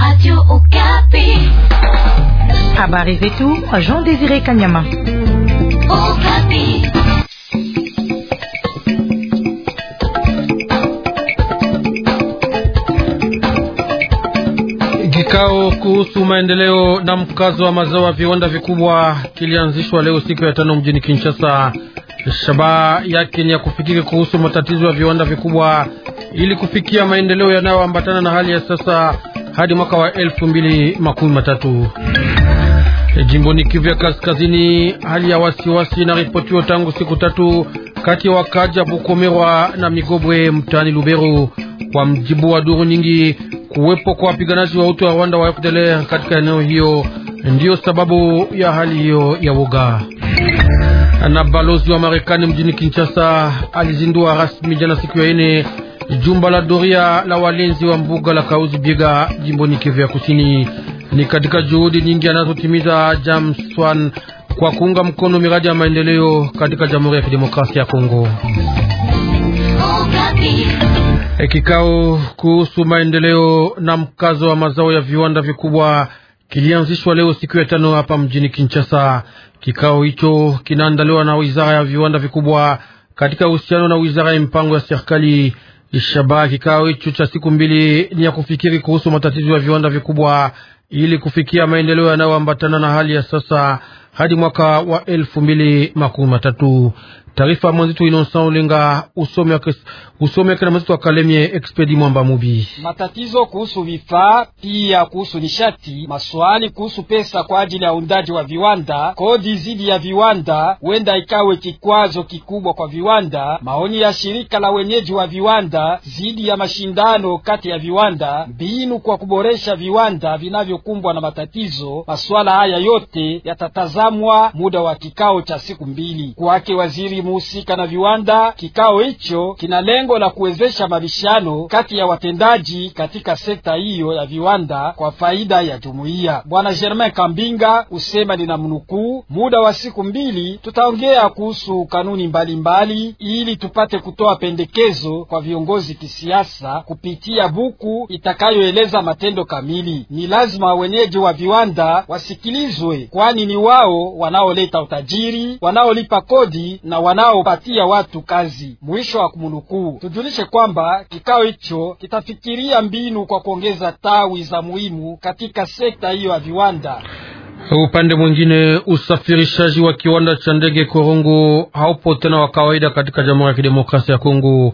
Radio Okapi. Habari zetu kwa Jean Désiré Kanyama. Okapi. Kikao kuhusu maendeleo na mkazo wa mazao ya viwanda vikubwa kilianzishwa leo siku ya tano mjini Kinshasa. Shabaha yake ni ya kufikiri kuhusu matatizo ya viwanda vikubwa ili kufikia maendeleo yanayoambatana na hali ya sasa hadi mwaka wa elfu mbili makumi matatu. E, jimboni Kivu ya Kaskazini, hali ya wasiwasi inaripotiwa tangu siku tatu kati ya wakaja Bukomerwa na Migobwe mtaani Lubero. Kwa mjibu wa duru nyingi, kuwepo kwa wapiganaji wa utu wa Rwanda wa FDLR katika eneo hiyo ndiyo sababu ya hali hiyo ya woga. Na balozi wa Marekani mjini Kinshasa alizindua rasmi jana siku ya ine Jumba la doria la walinzi wa mbuga la Kauzi Biega jimboni Kivu ya Kusini ni katika juhudi nyingi anazotimiza Swan kwa kuunga mkono miradi ya maendeleo katika Jamhuri ya Kidemokrasia ya Kongo. E, kikao kuhusu maendeleo na mkazo wa mazao ya viwanda vikubwa kilianzishwa leo siku ya tano hapa mjini Kinshasa. Kikao hicho kinaandaliwa na wizara ya viwanda vikubwa katika uhusiano na wizara ya mpango ya serikali Shabaha kikao hicho cha siku mbili ni ya kufikiri kuhusu matatizo ya viwanda vikubwa ili kufikia maendeleo yanayoambatana na hali ya sasa hadi mwaka wa elfu mbili makumi matatu. Taarifa mwenzetu Inonsa Olenga usomi wake na mwenzetu wa Kalemie Expedi Mwamba Mubi. Matatizo kuhusu vifaa, pia kuhusu nishati, maswali kuhusu pesa kwa ajili ya undaji wa viwanda, kodi zidi ya viwanda huenda ikawe kikwazo kikubwa kwa viwanda. Maoni ya shirika la wenyeji wa viwanda zidi ya mashindano kati ya viwanda, mbinu kwa kuboresha viwanda vinavyokumbwa na matatizo, maswala haya yote yatatazamwa muda wa kikao cha siku mbili. Kwake waziri muhusika na viwanda. Kikao hicho kina lengo la kuwezesha mabishano kati ya watendaji katika sekta hiyo ya viwanda kwa faida ya jumuiya. Bwana Germain Kambinga usema nina mnukuu, muda wa siku mbili tutaongea kuhusu kanuni mbalimbali mbali, ili tupate kutoa pendekezo kwa viongozi kisiasa kupitia buku itakayoeleza matendo kamili. Ni lazima wenyeji wa viwanda wasikilizwe, kwani ni wao wanaoleta utajiri, wanaolipa kodi na wanaopatia watu kazi. Mwisho wa kumunukuu. Tujulishe kwamba kikao hicho kitafikiria mbinu kwa kuongeza tawi za muhimu katika sekta hiyo ya viwanda. Upande mwingine, usafirishaji wa kiwanda cha ndege Korongo haupo tena wa kawaida katika Jamhuri ya Kidemokrasia ya Kongo.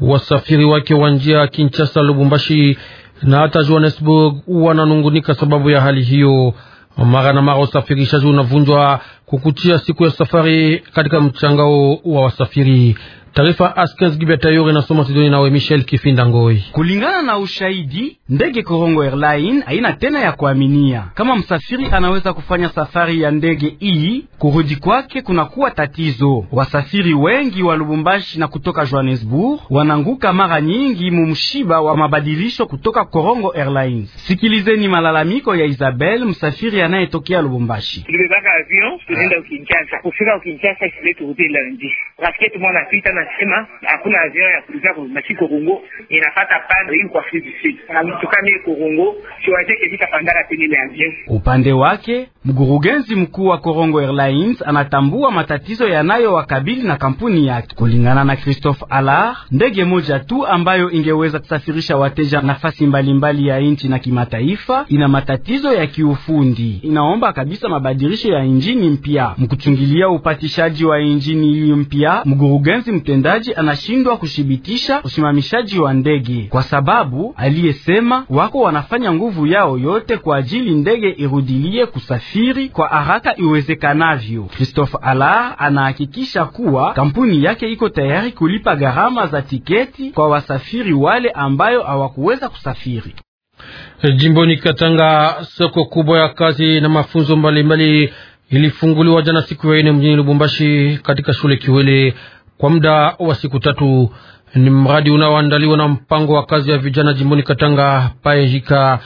Wasafiri wake wa njia Kinshasa, Lubumbashi na hata Johannesburg wananungunika sababu ya hali hiyo. Mara na mara usafirishaji unavunjwa kukutia siku ya safari katika mchangao wa wasafiri. Taarifa Askens na soma Sidoni nawe Michel Kifinda Ngoi. Kulingana na ushahidi, ndege Korongo Airline haina tena ya kuaminia. Kama msafiri anaweza kufanya safari ya ndege hii, kurudi kwake kunakuwa tatizo. Wasafiri wengi wa Lubumbashi na kutoka Johannesburg wananguka mara nyingi mumshiba wa mabadilisho kutoka Korongo Airlines. Sikilizeni malalamiko ya Isabel, msafiri anayetokea Lubumbashi. Tulibebaka avion tunaenda Kinshasa, kufika Kinshasa shule turudi lundi, rafiki yetu mwana pita na anasema hakuna azia ya kuliza ko masi kokongo inafata pande hii kwa Afrika Kusini na mtukane kokongo siwateke kifika pandara penye ya bien. Upande wake mkurugenzi mkuu wa Korongo Airlines anatambua matatizo wakabili na kampuni yake. Kulingana na Christophe Allard, ndege moja tu ambayo ingeweza kusafirisha wateja nafasi mbalimbali ya nchi na kimataifa ina matatizo ya kiufundi, inaomba kabisa mabadilisho ya injini mpya mkuchungilia upatishaji wa injini hii mpya. Mkurugenzi mtendaji anashindwa kushibitisha usimamishaji wa ndege, kwa sababu aliyesema wako wanafanya nguvu yao yote kwa ajili ndege irudilie kusafiri kwa haraka iwezekanavyo. Christophe Allard anahakikisha kuwa kampuni yake iko tayari kulipa gharama za tiketi kwa wasafiri wale ambayo hawakuweza kusafiri. Jimboni Katanga, soko kubwa ya kazi na mafunzo mbalimbali ilifunguliwa jana siku ya ine mjini Lubumbashi katika shule Kiwele kwa muda wa siku tatu. Ni mradi unaoandaliwa na mpango wa kazi ya vijana jimboni Katanga Paejika,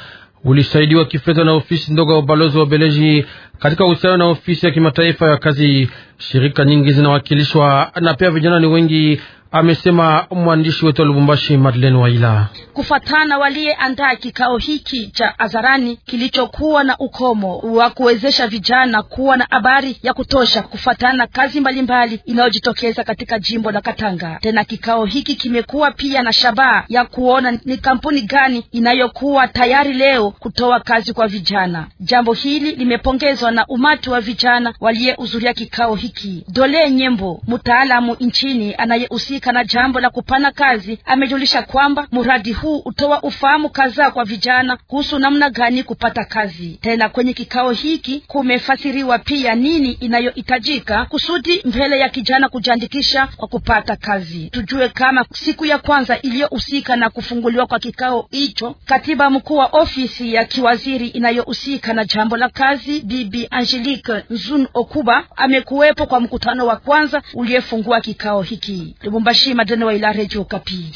ulisaidiwa kifedha na ofisi ndogo ya ubalozi wa Beleji katika uhusiano na ofisi ya kimataifa ya kazi. Shirika nyingi zinawakilishwa na pia vijana ni wengi amesema mwandishi wetu wa Lubumbashi Madeleine Waila. Kufatana waliyeandaa kikao hiki cha hadharani kilichokuwa na ukomo wa kuwezesha vijana kuwa na habari ya kutosha kufatana kazi mbalimbali inayojitokeza katika jimbo la Katanga. Tena kikao hiki kimekuwa pia na shabaha ya kuona ni kampuni gani inayokuwa tayari leo kutoa kazi kwa vijana. Jambo hili limepongezwa na umati wa vijana waliyehudhuria kikao hiki. Dole Nyembo, mtaalamu nchini anayehusika na jambo la kupana kazi, amejulisha kwamba mradi huu utoa ufahamu kadhaa kwa vijana kuhusu namna gani kupata kazi. Tena kwenye kikao hiki kumefasiriwa pia nini inayohitajika kusudi mbele ya kijana kujiandikisha kwa kupata kazi. Tujue kama siku ya kwanza iliyohusika na kufunguliwa kwa kikao hicho, katiba mkuu wa ofisi ya kiwaziri inayohusika na jambo la kazi, Bibi Angelique Nzun Okuba amekuwepo kwa mkutano wa kwanza uliyefungua kikao hiki Lubumbashi. Lubumbashi, Madeno wa ila Radio Kapi.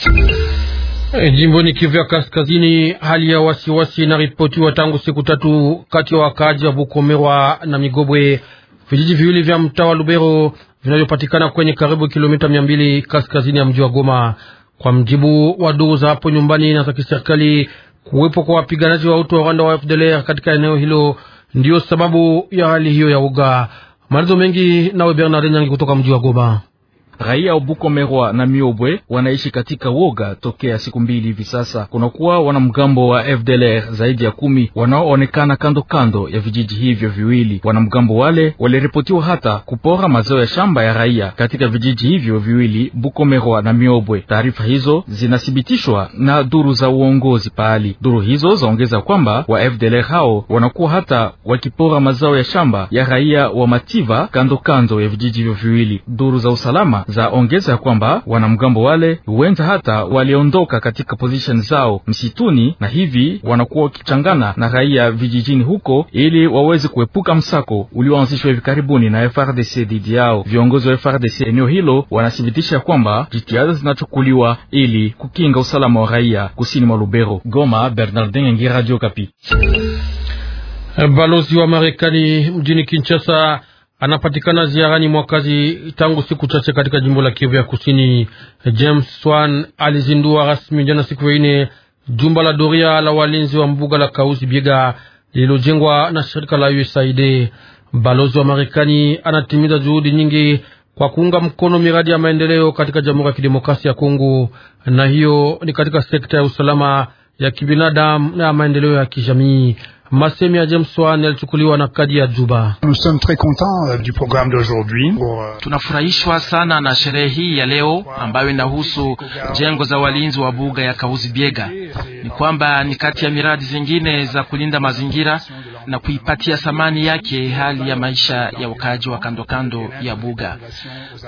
E, jimboni Kivu ya Kaskazini, hali ya wasiwasi inaripotiwa tangu siku tatu kati ya wakaaji wa Bukomerwa na Migobwe, vijiji viwili vya mtaa wa Lubero vinavyopatikana kwenye karibu kilomita mia mbili kaskazini ya mji wa Goma. Kwa mjibu wa duru za hapo nyumbani na za kiserikali, kuwepo kwa wapiganaji wa utu wa Rwanda wa FDLR katika eneo hilo ndiyo sababu ya hali hiyo ya uga. Maelezo mengi nawe Bernard Nyangi kutoka mji wa Goma. Raia wa Bukomerwa na Miobwe wanaishi katika woga tokea siku mbili hivi sasa. Kunakuwa wanamgambo wa FDLR zaidi ya kumi wanaoonekana kando kando ya vijiji hivyo viwili. Wanamgambo wale waliripotiwa hata kupora mazao ya shamba ya raia katika vijiji hivyo viwili, Bukomerwa na Miobwe. Taarifa hizo zinathibitishwa na duru za uongozi pahali. Duru hizo zaongeza kwamba wa FDLR hao wanakuwa hata wakipora mazao ya shamba ya raia wa Mativa kando kando ya vijiji hivyo viwili. Duru za usalama za ongeza kwamba wanamgambo wale huenda hata waliondoka katika position zao msituni, na hivi wanakuwa wakichangana na raia vijijini huko ili waweze kuepuka msako ulioanzishwa hivi karibuni na FRDC dhidi yao. Viongozi wa FRDC eneo hilo wanathibitisha kwamba jitihada zinachukuliwa ili kukinga usalama wa raia kusini mwa Lubero. Goma, Bernardin Ngi, Radio Kapi. Balozi wa Marekani mjini Kinshasa anapatikana ziarani mwakazi tangu siku chache katika jimbo la Kivu ya Kusini. James Swan alizindua rasmi jana siku ya ine jumba la doria la walinzi wa mbuga la Kausi Biega lililojengwa na shirika la USAID. Balozi wa Marekani anatimiza juhudi nyingi kwa kuunga mkono miradi ya maendeleo katika Jamhuri ya Kidemokrasia ya Kongo, na hiyo ni katika sekta ya usalama ya kibinadamu na ya maendeleo ya kijamii. Masemi ya James Wan yalichukuliwa na kadi ya Juba. Euh, euh, Tunafurahishwa sana na sherehe hii ya leo ambayo inahusu jengo za walinzi wa buga ya Kahuzi Biega. Ni kwamba ni kati ya miradi zingine za kulinda mazingira na kuipatia thamani yake hali ya maisha ya wakaaji wa kando kando ya buga.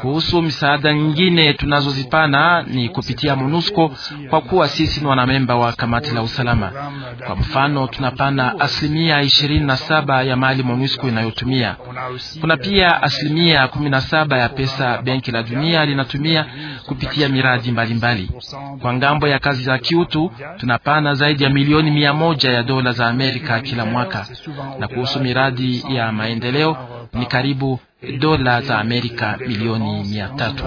Kuhusu misaada nyingine tunazozipana ni kupitia MONUSCO kwa kuwa sisi ni wanamemba wa kamati la usalama. Kwa mfano, tunapana asilimia ishirini na saba ya mali MONUSCO inayotumia. Kuna pia asilimia kumi na saba ya pesa Benki la Dunia linatumia kupitia miradi mbalimbali mbali. Kwa ngambo ya kazi za kiutu tunapana zaidi ya milioni mia moja ya dola za Amerika kila mwaka na kuhusu miradi ya maendeleo ni karibu dola za Amerika milioni mia tatu.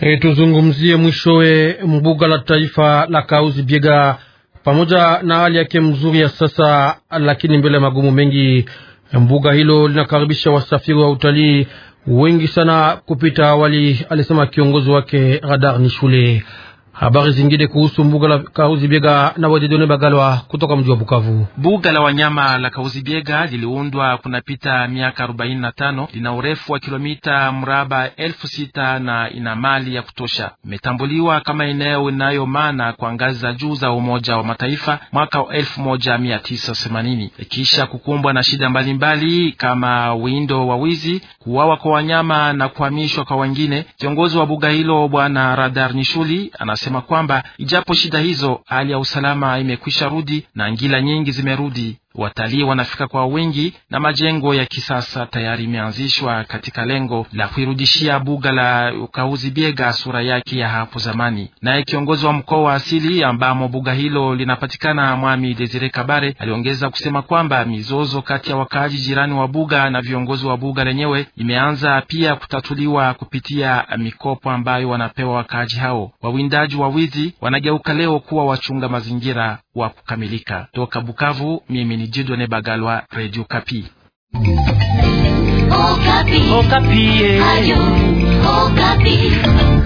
E, tuzungumzie mwishowe mbuga la taifa la Kauzi Biega pamoja na hali yake mzuri ya sasa, lakini mbele ya magumu mengi. Mbuga hilo linakaribisha wasafiri wa utalii wengi sana kupita awali, alisema kiongozi wake Radar ni shule Habari zingine kuhusu mbuga la Kahuzi-Biega na Wadedone Bagalwa kutoka mji wa Bukavu. Mbuga la wanyama la Kahuzi-Biega liliundwa kunapita miaka 45, lina urefu wa kilomita mraba elfu sita na ina mali ya kutosha. Imetambuliwa kama eneo inayo maana kwa ngazi za juu za Umoja wa Mataifa mwaka 1980 kisha kukumbwa na shida mbalimbali mbali, kama windo wa wizi, kuwawa kwa wanyama na kuhamishwa kwa wengine. Kiongozi wa mbuga hilo Bwana Radar Nishuli ana anasema kwamba ijapo shida hizo, hali ya usalama imekwisha rudi na ngila nyingi zimerudi. Watalii wanafika kwa wingi na majengo ya kisasa tayari imeanzishwa katika lengo la kuirudishia buga la ukauzi biega sura yake ya hapo zamani. Naye kiongozi wa mkoa wa asili ambamo buga hilo linapatikana, Mwami Desire Kabare, aliongeza kusema kwamba mizozo kati ya wakaaji jirani wa buga na viongozi wa buga lenyewe imeanza pia kutatuliwa kupitia mikopo ambayo wanapewa wakaaji hao. Wawindaji wawizi wanageuka leo kuwa wachunga mazingira wa kukamilika. Toka Bukavu, mimi ni Jidone Bagalwa, Radio Kapi. Okapi. Oh, Okapi. Oh, Ayu, Okapi. Oh,